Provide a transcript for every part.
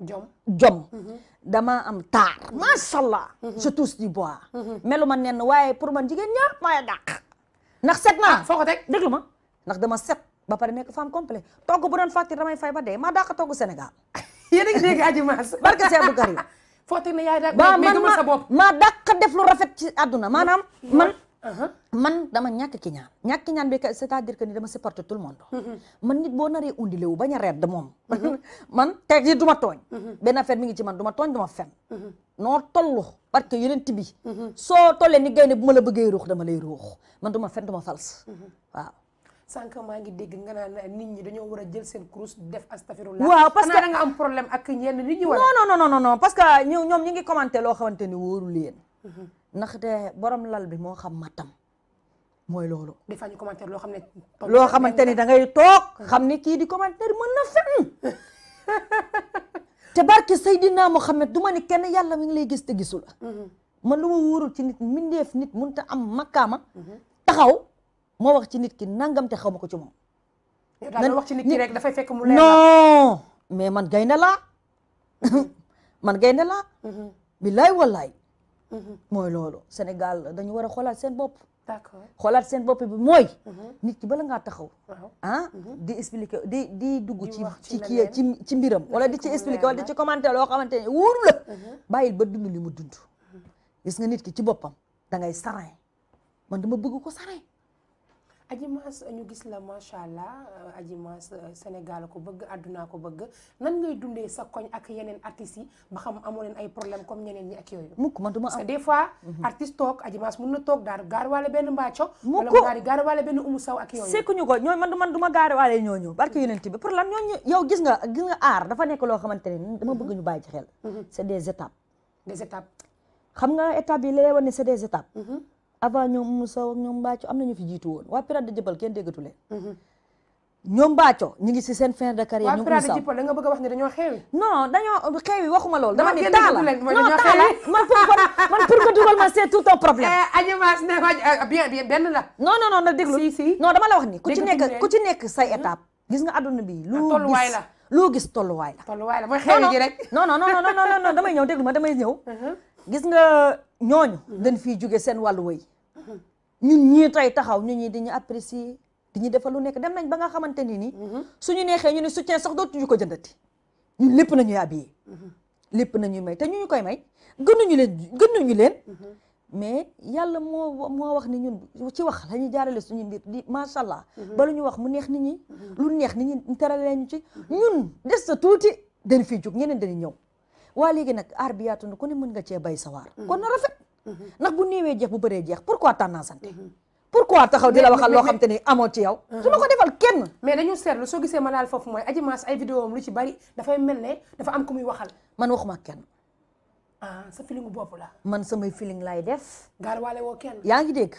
jom jom mhm. damaa am taar mhm. macha allah. Mhm. je touche du bois. melu ma nenn waaye pour man jigéen ñëpp maay dàq. ndax set naa ah, foo ko teg déglu ma ndax dama set ba pare nekk femme complète togg bu doon facture damay fay ba dee ma dàq togg Sénégal. yéen a ngi dégg Adji Mass barke Cheikh Abdou Karim foo teg ne yaay dàq mais gëmal sa bopp maa def lu rafet ci àdduna maanaam man. Uh-huh. man dama ñàkk ki ñaan ñàkk ki ñaan bi c'est-à-dire que ni dama supporter tout le monde mm-hmm. man nit boo naree undile wu bañ a redd moom mm-hmm. man teg yi ma tooñ mm-hmm. benn affaire mi ngi ci man du ma tooñ du ma fen noo tollu parce que yeneen tibi soo tollee ni gaynde bu ma la bëggee ruux dama lay ruux man du ma fen du ma waaw sànq maa ngi dégg nga naan nit ñi dañoo war a jël seen kurus def astafirullah waaw parce que da nga am problème ak ñenn nit ñi wala non non non non parce que ñoom ñi ngi commenté loo xamante ni wóoru leen ndaxte borom lal bi moo xam matam mooy loolu. des fois ñu loo xam ne. loo xamante ni da ngay toog xam ni kii di commentaire mën na fen te barke Seydina Mohamed du ma ni kenn yàlla mi ngi lay gis te gisu la. Mm-hmm. man lu ma wóorul ci nit mbindeef nit mun a am makkaama. Mm-hmm. taxaw moo wax ci nit ki nangam te xaw ma ko ci moom. yow wax ci nit ki rek dafay fekk mu leer non mais man gaynde laa man gaynde laa. Mm-hmm. billaay wallaay. mooy loolu Sénégal dañu war a xoolaat seen bopp d'accord xoolaat seen bopp bi mooy mhm. nit ki bala ngaa taxaw ah mhm. di expliquer di di dugg ci ci kii ci ci mbiram wala di ci expliquer wala di ci commenter loo xamante ne wóoru la mhm. bàyyil ba dund li mu dund gis nga nit ki ci boppam da ngay sarin man dama bëgg ko sarin Adji Mass gis la macha allah Adji Mass Sénégal ko bëgg àdduna ko bëgg nan ngay dundee sa koñ ak yeneen artistes yi ba xam amoo leen ay problème comme ñeneen ñi ak yooyu. mukk man duma am parce que mhm. toog Adji Mass benn mbaaco. mukk wala mu benn umu saw ak yooyu. sekkuñu ko ñooñu man man duma gaarawaale ñooñu barke yonent bi pour lan ñooñu yow gis nga gis dafa nekk loo xamante ne dama bëgg ñu bàyyi ci xel. Mhm. c'est des étapes. des étapes. xam nga étapes yi lay wane c'est des étapes. Mhm. avant ñoom Moussa ak ñoom Mbacco am na ñu fi jiitu woon waa Pirates de Jëppal kenn déggatu mm-hmm. ñoom Mbacco ñu ngi si seen fin de carrière. ñu ngi da nga bëgg a wax dañoo xeewi. non ma c'est tout un problème. Eh, animas ne eh, bien bien benn la. non na déglu si si. non la wax ni ku ci nekk ku ci nekk say hmm? gis nga àdduna bi lu ah, gis loo gis tolluwaay la. tolluwaay la mooy rek. non non non non non non damay ñëw déglu ma damay ñëw uh-huh. gis nga ñooñu dañ fiy jóge seen wàllu wëy ñun ñii tey taxaw ñu ñi dañu apprécier di ñu defal lu nekk dem nañ ba nga xamante ni nii suñu neexee ñu ne soutien sax dootuñu ko jëndati ñun lépp nañuy habillé lépp nañuy may te ñu ñu koy may gënuñu leen gënuñu leen mais yàlla moo moo wax ni ñun ci wax la ñuy jaarale suñu mbir di macha allah. ba lu ñu wax mu neex nit ñi lu neex nit ñi terale ñu ci ñun des sa tuuti dañ fiy jóg ñeneen dañu ñëw waa léegi nag aar bi yaatu na ku mën nga cee bay sawar kon na rafet ndax bu néewee jeex bu bëree jeex pourquoi tànnaa pour pourquoi taxaw di la waxal loo xam te ni amoo ci yow su la ko defal kenn mais dañu seetlu soo gisee ma laal foofu mooy Adji Mass ay vidéo am lu ci dafay mel ne dafa am ku muy waxal man waxuma kenn ah sa feelingu bopp la man samay feeling laay def gaar waale woo kenn yaa ngi dégg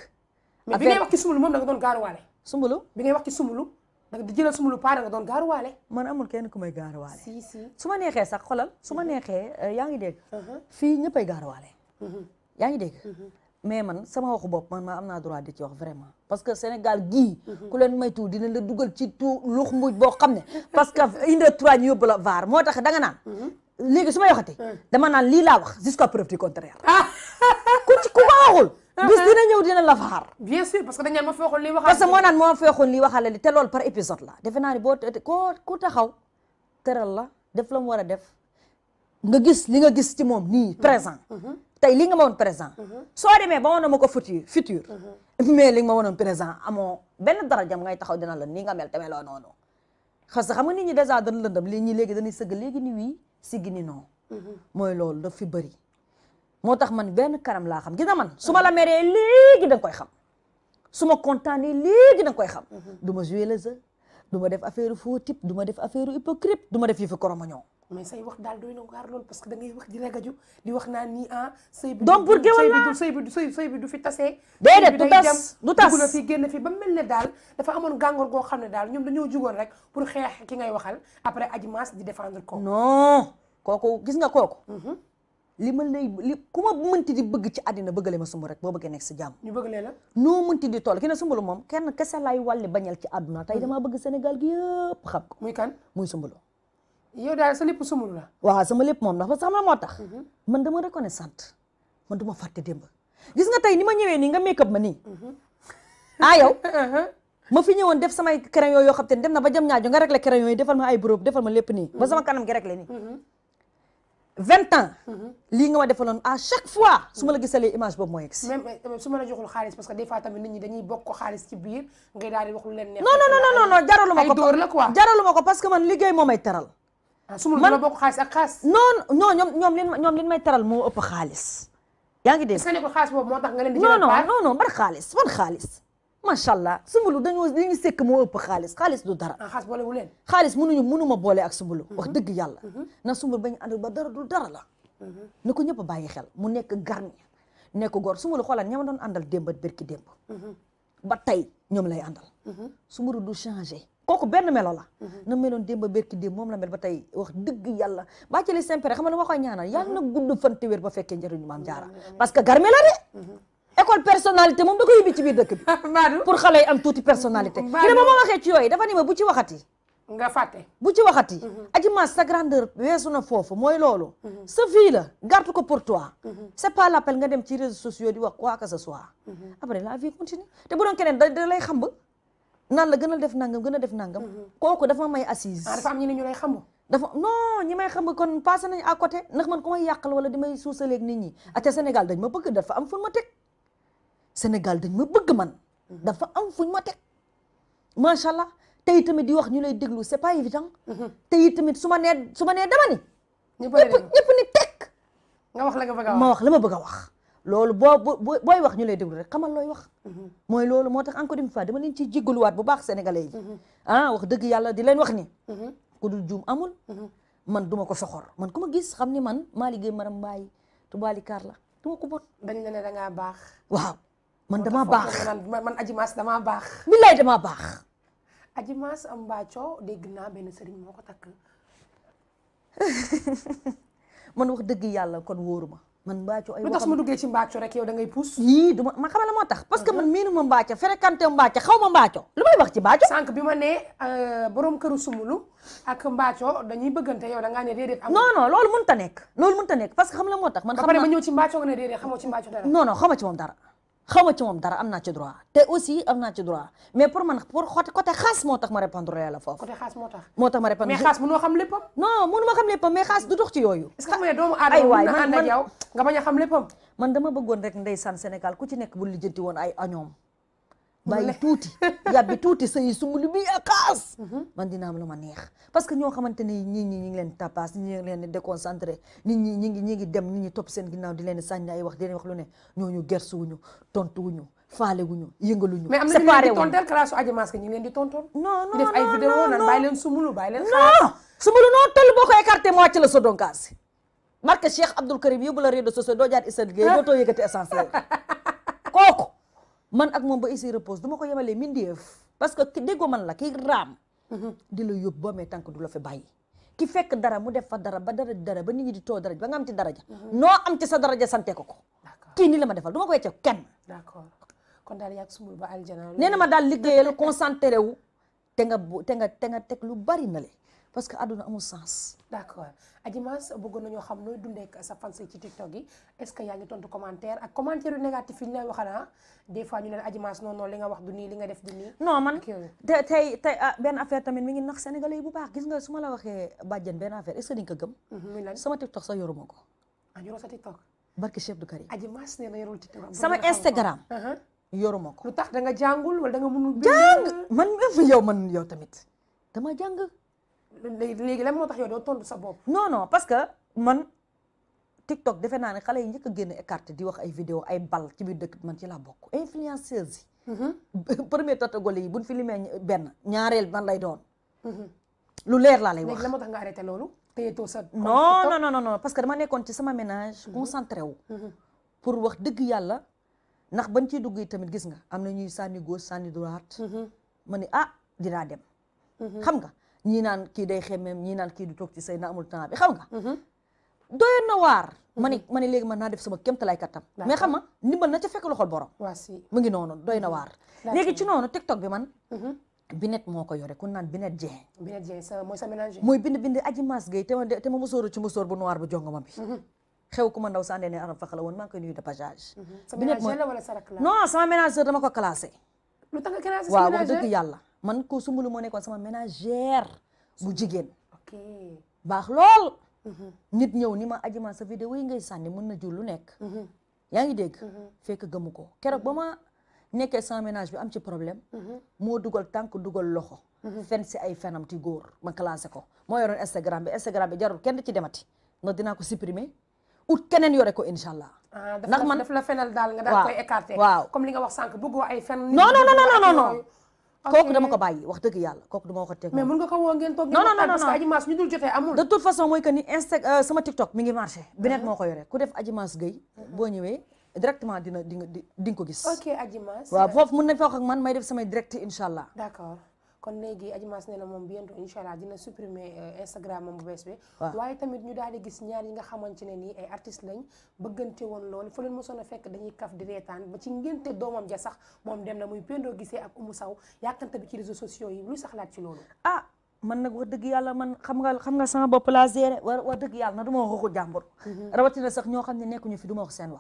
mais bi ngay wax ci sumbulu moom da nga doon gaar waale sumbulu bi ngay wax ci sumbulu nag di jëlal suma lu pare nga doon gaaruwaale man amul kenn ku may gaaruwaale si si su ma neexee sax xolal su ma mhm. neexee eh, yaa ngi dégg uh-huh. fii ñëppay gaaruwaale mhm. yaa ngi dégg mhm. mais man sama waxu bopp man maa am naa droit di ci wax vraiment parce que Sénégal gii ku leen maytu dina la dugal ci tout lux mbuj boo xam ne parce que une heure trois ñu vaar moo tax danga naan léegi su may waxatee dama naan lii la wax jusqu'à preuve du contraire ah. ku ci ku ma bis uh-huh. dina ñëw dina la faar bien sûr parce que dañ naan moo naan moo feexoon lii li te loolu par épisode la defe naa boo koo ku taxaw tëral la def la mu war a def nga gis li nga gis ci moom nii uh-huh. présent uh-huh. tey li nga ma woon présent soo demee ba woon ma ko futur futur mais li nga ma wonoon présent amoo benn darajam ngay taxaw dina la nii nga mel te meloo noonu parce que xam nga nit ñi dèjà dañ lëndam lii ñi léegi dañuy sëgg léegi ni wii siggi ni non mooy loolu da fi bëri moo tax man benn kanam laa xam gis nga man su la meree léegi da nga koy xam suma ma kontaanee léegi da koy xam mm-hmm. du ma jouer le du ma def affaire faux type du def affaire hypocrite du ma def yëfi koromañoo mais say wax daal doy na waar lool parce que da ngay wax di ragaju di wax naa nii ah sëy bi donc pour géwal laa sëy bi sëy bi du fi tasee déedéet du tas du na fi génn fi ba mel ne daal dafa amoon gàngoor goo xam ne daal ñoom dañoo jugoon rek pour xeex ki ngay waxal après Adji Mass di défendre ko non kookoo gis nga kooku mm-hmm. li ma lay li ku ma mënti di bëgg ci àddina bëggale ma sumb rek boo bëggee nekk sa jàmm ñu bëgg leen la noo mënti di toll ki ne sumbalu moom kenn kese laay wàlli bañal ci àdduna tey mm-hmm. damaa bëgg Sénégal gi yëpp xam ko muy kan muy sumbalu yow daal sa lépp sumbalu la waaw sama lépp moom ndax parce na moo tax mm-hmm. man dama reconnaissante man du ma fàtte démb gis nga tey ni ma ñëwee nii nga make up ma nii mm-hmm. ah yow uh-huh. ma fi ñëwoon def samay crayon te ne na ba jam ñaajo nga réglé crayon yi defal ma ay brob defal ma lépp ni ba sama kanam gi réglé nii vingt ans. Mhm. lii nga ma defaloon à chaque fois su ma la gisalee image boobu mooy egsi. Euh, su ma la joxul xaalis parce que des fois tamit nit ñi dañuy bokk ko xaalis ci biir ngay daal di wax lu leen neex. non non non non jaralu ma ko ay dóor la quoi jaralu ma may teral. Ah, bokk xaalis ak xaalis. non non ñoom ñoom li teral moo ëpp xaalis. yaa ngi dégg. est-ce que nekkul xaalis boobu moo tax nga leen di. jël non non non man xaalis man xaalis. macha allah sumbulu da li ñu sekk moo ëpp xaalis xaalis du dara. xaalis boole wu leen. boole ak sumbulu. Mhm. wax dëgg yàlla. Mhm. na sumbulu bañ ànd ba dara du dara la. Mhm. na ko ñëpp bàyyi xel mu nekk garmi nekk góor sumbulu xoolal ña ma doon andal démb ak bërki démb. ba tey ñoom lay àndal. sumbulu du changé. ku benn melo la. na meloon démb berki démb moom la mel ba tey wax dëgg yàlla bàccali sempere xam nga ma koy ñaanal yàlla na gudd fan te wér ba fekkee njëriñu maam jaara école personnalité moom da ko yóbbu ci biir dëkk bi pour xale am tuuti personnalité yéne ba ma waxee ci yooyu dafa ni ma bu ci waxati nga fàtte bu ci waxati mhm. aji ma sa grandeur weesu na foofu mooy loolu mhm. sa vie la ko pour toi mhm. c'est pas l'appel nga dem ci réseaux sociaux di wax quoi que ce soit après la vie continue te bu doon keneen da lay xamb la gën a def nangam gën a def nangam kooku dafa may assise ah, dafa am ñi ne ñu lay xamb dafa may xam nga kon passé nañ à man ku may yàqal wala di may suusaleeg nit ñi ate Sénégal dañ ma bëgg dafa am fu ma teg Sénégal dañ ma bëgg man mhm. dafa am fuñ ma teg macha allah tey tamit di wax ñu lay déglu c'est pas évident mhm. tey tamit su ma nee su ma nee dama ni ñëpp ni teg wax la nga bëgg ma wax la ma bëgg a wax loolu boo booy wax ñu lay déglu rek xamal looy wax mhm. mooy loolu moo tax encore une fois dama leen ciy jéggaluwaat bu baax sénégalais yi ah wax dëgg yàlla di leen wax ni ku dul juum amul man duma ko soxor man ku ma gis xam ni man maa liggéey maram mbaay tubaali kaar la duma ko bon dañ la ne dangaa baax waaw man damaa baax man man Adji Mass damaa baax. billaay damaa baax. Adji Mass am dégg naa benn sëriñ moo ko takk. man wax dëgg yàlla kon wóoruma man Mbathio ay. lu tax ma duggee ci Mbathio rek yow da ngay pousse. Ah, man ah. miinu ma lu may wax ci Mbathio. sànq bi euh, loolu mënut a loolu mënut a nekk parce que xam la moo tax. man xam naa ba pare ma ñëw ci Mbathio nga ne déedéet xamoo ci Mbathio dara. non non xamoo ci xaw ma ci moom dara am naa ci droit te aussi am naa ci droit mais pour man pour xote côté xaas moo tax ma répondre la foofu. côté xaas moo tax moo tax ma répondre. mais xaas mënoo xam léppam. non mënu ma xam léppam mais xaas du dox ci yooyu. est-ce que mu ne doomu aadama nga bañ a xam léppam. man dama bëggoon rek ndeysaan Sénégal ku ci nekk bu lijjanti woon ay añoom bàyyi tuuti yàbbi tuuti sëy sumbulu bi a kaas mhm. man dina am lu ma neex parce que ñoo xamante ni ñi ñi ñi ngi leen tapas ñi ngi leen déconcentré nit ñi ñi ngi ñi ngi dem nit ñi topp seen ginnaaw di leen sa ay wax di leen wax lu ne ñooñu gersuwuñu tontuwuñu faale wuñu yëngaluñu mais am na ñu leen di tonteel classe Adji Mass ñu leen di tontoon sumbulu bàyyi toll boo ko écarté mu wàcc la sa donkaasi marqué Cheikh Abdoul Karim yóbbu la réseaux sociaux doo jaar Issa Gueye dootoo yëkkati essentiel man ak moom ba ici repose du ma ko yemalee mindeef parce que ki déggoo man la ki raam mhm. di la yóbbu boo amee tànk du la fi bàyyi ki fekk dara mu def fa dara ba dara dara ba nit ñi di too dara ba nga am ci daraja mhm. noo am ci sa daraja sante ko ko kii ni la ma defal du ma ko wecceeku kenn d'accord kon daal yàgg sumul ba aljana nee na ma daal liggéeyal concentré wu te nga te nga te nga teg lu bari na parce que àdduna amul sens. d'accord Adji Mass bëggoon nañoo xam nooy dundee ak sa fans ci TikTok yi est-ce que yaa ngi tontu commentaire ak commentaire yu négatif yi lay waxal ah fois ñu ne Adji li nga wax du li nga def du nii. man te tey ah, benn affaire tamit mi ngi nax sénégalais yi bu baax gis nga su ma la waxee bàjjen benn affaire est-ce que di nga ko gëm. Mhm, sama TikTok sax yoruma ko. ah yoroo sa uh-huh. yoruma ko lu tax da nga jàngul wala da nga mënul. jàng man yow tamit léegi léegi lan moo tax yow doo tontu sa bopp. non non parce que man TikTok defe naa ne xale yi njëkk génn écarté di wax ay vidéo ay bal ci biir dëkk man ci la bokk influenceuse yi. Mm-hmm. premier tatagole yi buñ fi limee benn ñaareel man lay doon. Mm-hmm. lu leer laa lay wax léegi lan moo tax nga arrêté loolu. téyetoo sa non non non non parce que dama nekkoon ci sama ménage. Mm-hmm. concentré wu. pour wax dëgg yàlla ndax bañ ciy dugg yi tamit gis nga am na ñuy sànni gauche sànni droite. ma ne ah dinaa dem. xam nga. ñii naan kii day xemmem ñii naan kii du toog ci say na amul temps bi xam nga mhm. doyoon na waar mhm. ma ni ma ni léegi man naa def sama kéemtalaay kattam mais xam ma ndimbal na ca fekk loxol borom waa si mu ngi noonu doy na waar léegi ci noonu TikTok bi man mhm. binet moo ko yore ku naan binet Dieng binet Dieng sa mooy sa ménager mooy bind bind aji mas gay te ma te ma musóoru ci musóor bu noir bu jongoma bi xew ku ma ndaw sandee ne aram faxa la woon maa ngi koy nuyu de passage binet mooy non sama ménager dama lu tax nga créé sa ménagère yàlla man ko sumbulu moo nekkoon sama ménagère bu jigéen. ok baax lool. Mhm. nit ñëw ni ma ajima sa vidéo yi ngay sànni mën na jur lu nekk. Mhm. yaa ngi dégg. Mhm. fekk gëmu ko keroog ba ma nekkee sama ménage bi am ci problème. moo dugal tànk dugal loxo. fen si ay fenam ti góor ma classé ko moo yoroon Instagram bi Instagram bi jarul kenn ci demati ndax dinaa ko supprimer. ut keneen yore ko incha allah. Ah, ndax man daf la fenal waaw comme li nga wax sànq bëggoo ay fen. dama wax dëgg yàlla kooku dama ko teg. mais mën nga ko woo ngeen toog. non non non parce que Adjimass ñu dul jotee amul. de toute façon mooy que euh, ngi marché. Uh-huh. beneen moo ko yore ku def Adjimass Gueye uh-huh. boo ñëwee. directement dina di nga di nga ko gis. ok Adjimass. waaw foofu mën na fa wax man may def samay direct incha allah. d'accord. kon léegi Adji Mass nee na moom bientôt incha allah dina supprimer euh, Instagram moom bu bees bi waaye tamit ñu daal di gis ñaar yi nga xamante ne nii ay artistes lañ bëggante woon lool fa leen mosoon a fekk dañuy kaf di reetaan ba ci ngénte doomam ja sax moom dem na muy Pendo Guissé ak Oumou Sow yàkkante bi ci réseaux sociaux yi lu sax laaj ci loolu ah man nag wax dëgg yàlla man xam nga xam nga sama bopp laa géré war wax dëgg yàlla na du ma wax waxu jàmbur mm-hmm. rawatina sax ñoo xam ne nekkuñu fi duma wax seen wax